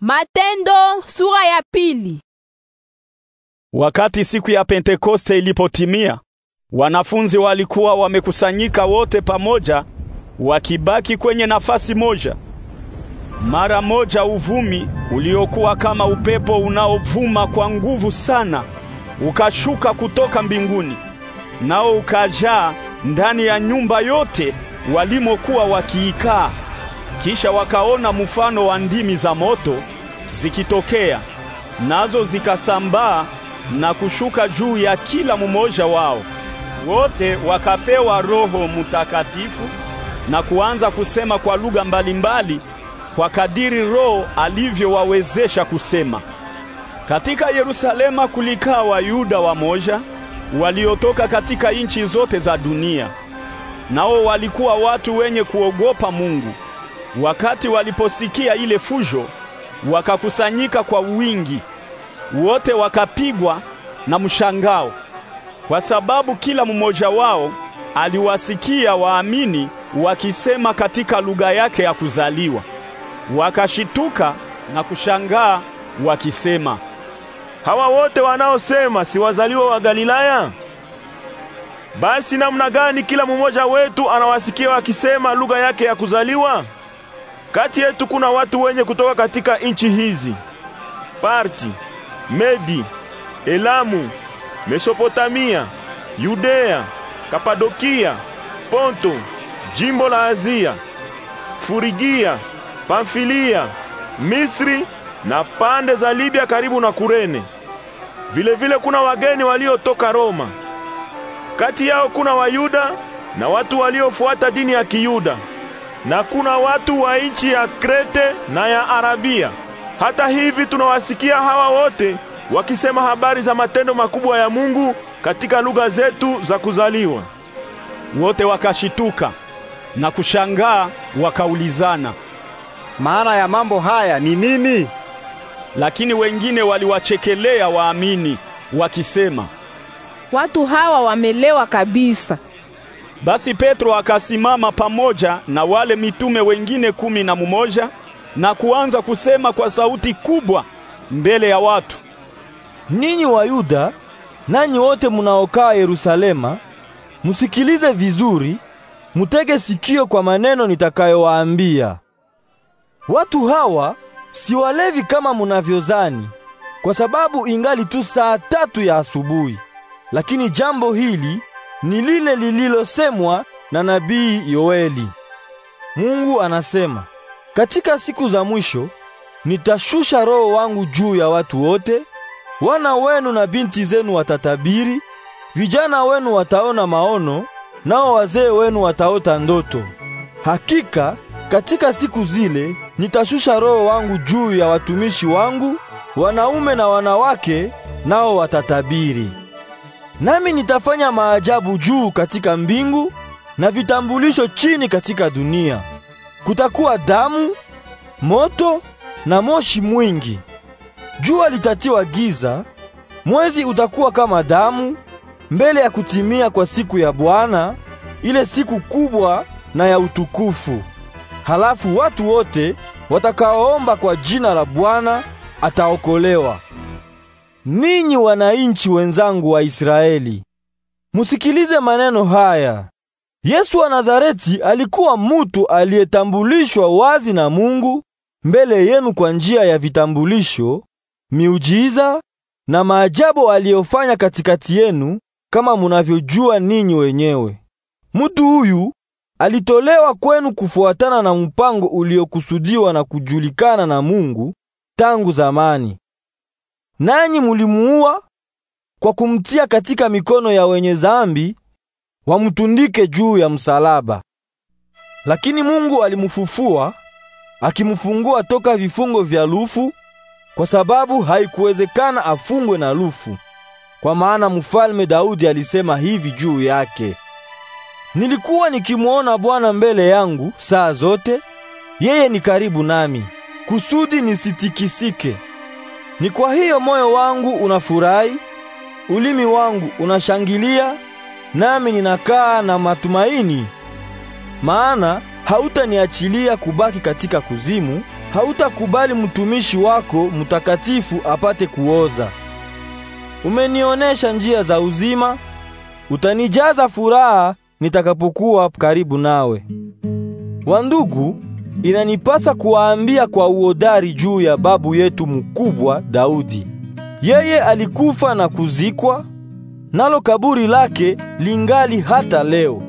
Matendo sura ya pili. Wakati siku ya Pentekoste ilipotimia, wanafunzi walikuwa wamekusanyika wote pamoja wakibaki kwenye nafasi moja. Mara moja uvumi uliokuwa kama upepo unaovuma kwa nguvu sana ukashuka kutoka mbinguni, nao ukajaa ndani ya nyumba yote walimokuwa wakiikaa. Kisha wakaona mfano wa ndimi za moto zikitokea, nazo zikasambaa na kushuka juu ya kila mmoja wao. Wote wakapewa Roho Mutakatifu na kuanza kusema kwa lugha mbalimbali kwa kadiri Roho alivyowawezesha kusema. Katika Yerusalema kulikaa Wayuda wamoja waliotoka katika nchi zote za dunia. Nao walikuwa watu wenye kuogopa Mungu. Wakati waliposikia ile fujo, wakakusanyika kwa wingi. Wote wakapigwa na mshangao, kwa sababu kila mmoja wao aliwasikia waamini wakisema katika lugha yake ya kuzaliwa. Wakashituka na kushangaa wakisema, hawa wote wanaosema si wazaliwa wa Galilaya? Basi namna gani kila mmoja wetu anawasikia wakisema lugha yake ya kuzaliwa? Kati yetu kuna watu wenye kutoka katika nchi hizi: Parti, Medi, Elamu, Mesopotamia, Yudea, Kapadokia, Ponto, jimbo la Azia, Furigia, Pamfilia, Misri na pande za Libya karibu na Kurene. Vilevile vile kuna wageni waliotoka Roma. Kati yao kuna Wayuda na watu waliofuata dini ya Kiyuda na kuna watu wa nchi ya Krete na ya Arabia. Hata hivi tunawasikia hawa wote wakisema habari za matendo makubwa ya Mungu katika lugha zetu za kuzaliwa. Wote wakashituka na kushangaa, wakaulizana, maana ya mambo haya ni nini? Lakini wengine waliwachekelea waamini wakisema, watu hawa wamelewa kabisa. Basi Petro akasimama pamoja na wale mitume wengine kumi na mumoja na kuanza kusema kwa sauti kubwa mbele ya watu, ninyi Wayuda nanyi wote munaokaa Yerusalema, musikilize vizuri, mutege sikio kwa maneno nitakayowaambia. Watu hawa si walevi kama munavyozani, kwa sababu ingali tu saa tatu ya asubuhi. Lakini jambo hili ni lile lililosemwa na nabii Yoeli. Mungu anasema, katika siku za mwisho nitashusha roho wangu juu ya watu wote. Wana wenu na binti zenu watatabiri, vijana wenu wataona maono, nao wazee wenu wataota ndoto. Hakika katika siku zile nitashusha roho wangu juu ya watumishi wangu, wanaume na wanawake, nao watatabiri. Nami nitafanya maajabu juu katika mbingu na vitambulisho chini katika dunia. Kutakuwa damu, moto na moshi mwingi. Jua litatiwa giza, mwezi utakuwa kama damu mbele ya kutimia kwa siku ya Bwana, ile siku kubwa na ya utukufu. Halafu watu wote watakaoomba kwa jina la Bwana ataokolewa. Ninyi wananchi wenzangu wa Israeli, musikilize maneno haya. Yesu wa Nazareti alikuwa mutu aliyetambulishwa wazi na Mungu mbele yenu kwa njia ya vitambulisho, miujiza na maajabu aliyofanya katikati yenu kama munavyojua ninyi wenyewe. Mutu huyu alitolewa kwenu kufuatana na mpango uliokusudiwa na kujulikana na Mungu tangu zamani nanyi mulimuua kwa kumtia katika mikono ya wenye zambi wamtundike juu ya msalaba. Lakini Mungu alimufufua akimfungua toka vifungo vya lufu, kwa sababu haikuwezekana afungwe na lufu. Kwa maana mfalme Daudi alisema hivi juu yake: Nilikuwa nikimwona Bwana mbele yangu saa zote, yeye ni karibu nami, kusudi nisitikisike. Ni kwa hiyo moyo wangu unafurahi, ulimi wangu unashangilia, nami ninakaa na matumaini. Maana hautaniachilia kubaki katika kuzimu, hautakubali mtumishi wako mtakatifu apate kuoza. Umenionyesha njia za uzima, utanijaza furaha nitakapokuwa karibu nawe. Wandugu, inanipasa kuwaambia kwa uhodari juu ya babu yetu mkubwa Daudi. Yeye alikufa na kuzikwa, nalo kaburi lake lingali hata leo.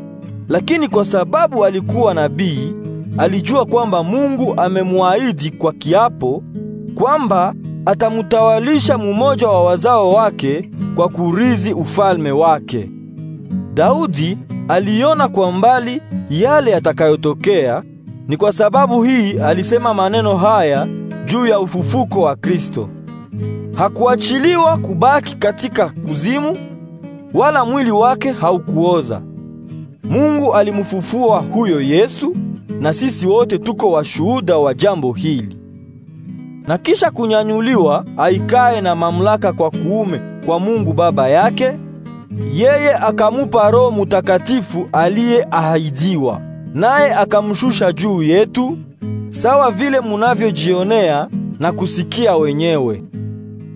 Lakini kwa sababu alikuwa nabii, alijua kwamba Mungu amemwaahidi kwa kiapo kwamba atamutawalisha mumoja wa wazao wake kwa kurizi ufalme wake. Daudi aliona kwa mbali yale yatakayotokea ni kwa sababu hii alisema maneno haya juu ya ufufuko wa Kristo. Hakuachiliwa kubaki katika kuzimu wala mwili wake haukuoza. Mungu alimfufua huyo Yesu na sisi wote tuko washuhuda wa jambo hili. Na kisha kunyanyuliwa aikae na mamlaka kwa kuume kwa Mungu Baba yake, yeye akamupa Roho Mutakatifu aliyeahidiwa naye akamshusha juu yetu sawa vile munavyojionea na kusikia wenyewe.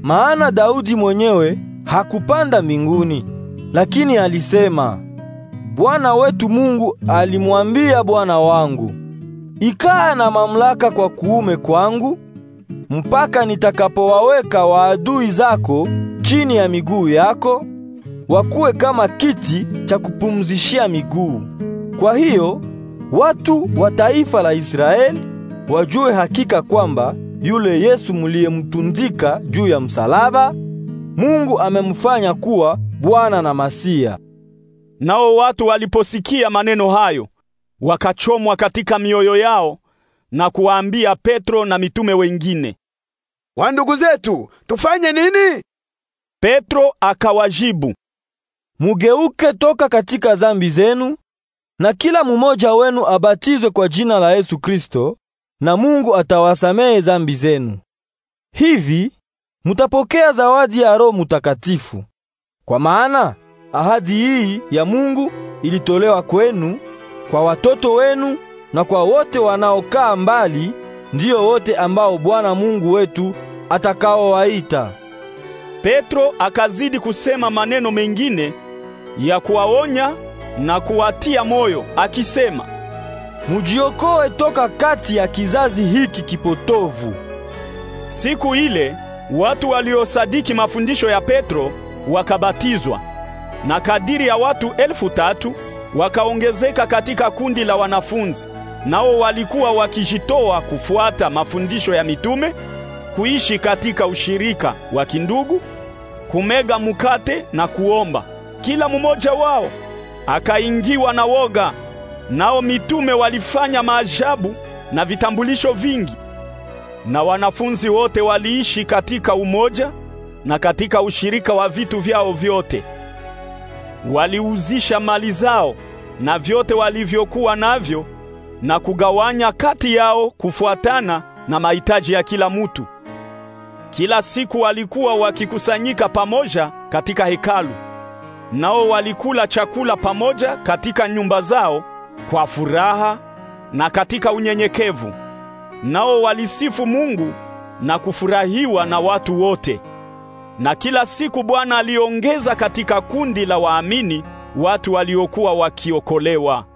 Maana Daudi mwenyewe hakupanda mbinguni, lakini alisema, Bwana wetu Mungu alimwambia Bwana wangu, ikaa na mamlaka kwa kuume kwangu mpaka nitakapowaweka waadui zako chini ya miguu yako, wakuwe kama kiti cha kupumzishia miguu. Kwa hiyo watu wa taifa la Israeli wajue hakika kwamba yule Yesu muliyemtundika juu ya msalaba Mungu amemfanya kuwa Bwana na Masia. Nao watu waliposikia maneno hayo, wakachomwa katika mioyo yao na kuwaambia Petro na mitume wengine, wandugu zetu, tufanye nini? Petro akawajibu, mugeuke toka katika zambi zenu na kila mmoja wenu abatizwe kwa jina la Yesu Kristo, na Mungu atawasamehe zambi zenu. Hivi mutapokea zawadi ya Roho Mutakatifu, kwa maana ahadi hii ya Mungu ilitolewa kwenu, kwa watoto wenu na kwa wote wanaokaa mbali, ndiyo wote ambao Bwana Mungu wetu atakaowaita. Petro akazidi kusema maneno mengine ya kuwaonya na kuwatia moyo akisema, mujiokoe toka kati ya kizazi hiki kipotovu. Siku ile watu waliosadiki mafundisho ya Petro wakabatizwa, na kadiri ya watu elfu tatu wakaongezeka katika kundi la wanafunzi. Nao walikuwa wakijitoa kufuata mafundisho ya mitume, kuishi katika ushirika wa kindugu, kumega mukate na kuomba. Kila mmoja wao akaingiwa na woga. Nao mitume walifanya maajabu na vitambulisho vingi, na wanafunzi wote waliishi katika umoja na katika ushirika wa vitu vyao vyote. Waliuzisha mali zao na vyote walivyokuwa navyo na kugawanya kati yao kufuatana na mahitaji ya kila mutu. Kila siku walikuwa wakikusanyika pamoja katika hekalu nao walikula chakula pamoja katika nyumba zao kwa furaha na katika unyenyekevu, nao walisifu Mungu na kufurahiwa na watu wote. Na kila siku Bwana aliongeza katika kundi la waamini watu waliokuwa wakiokolewa.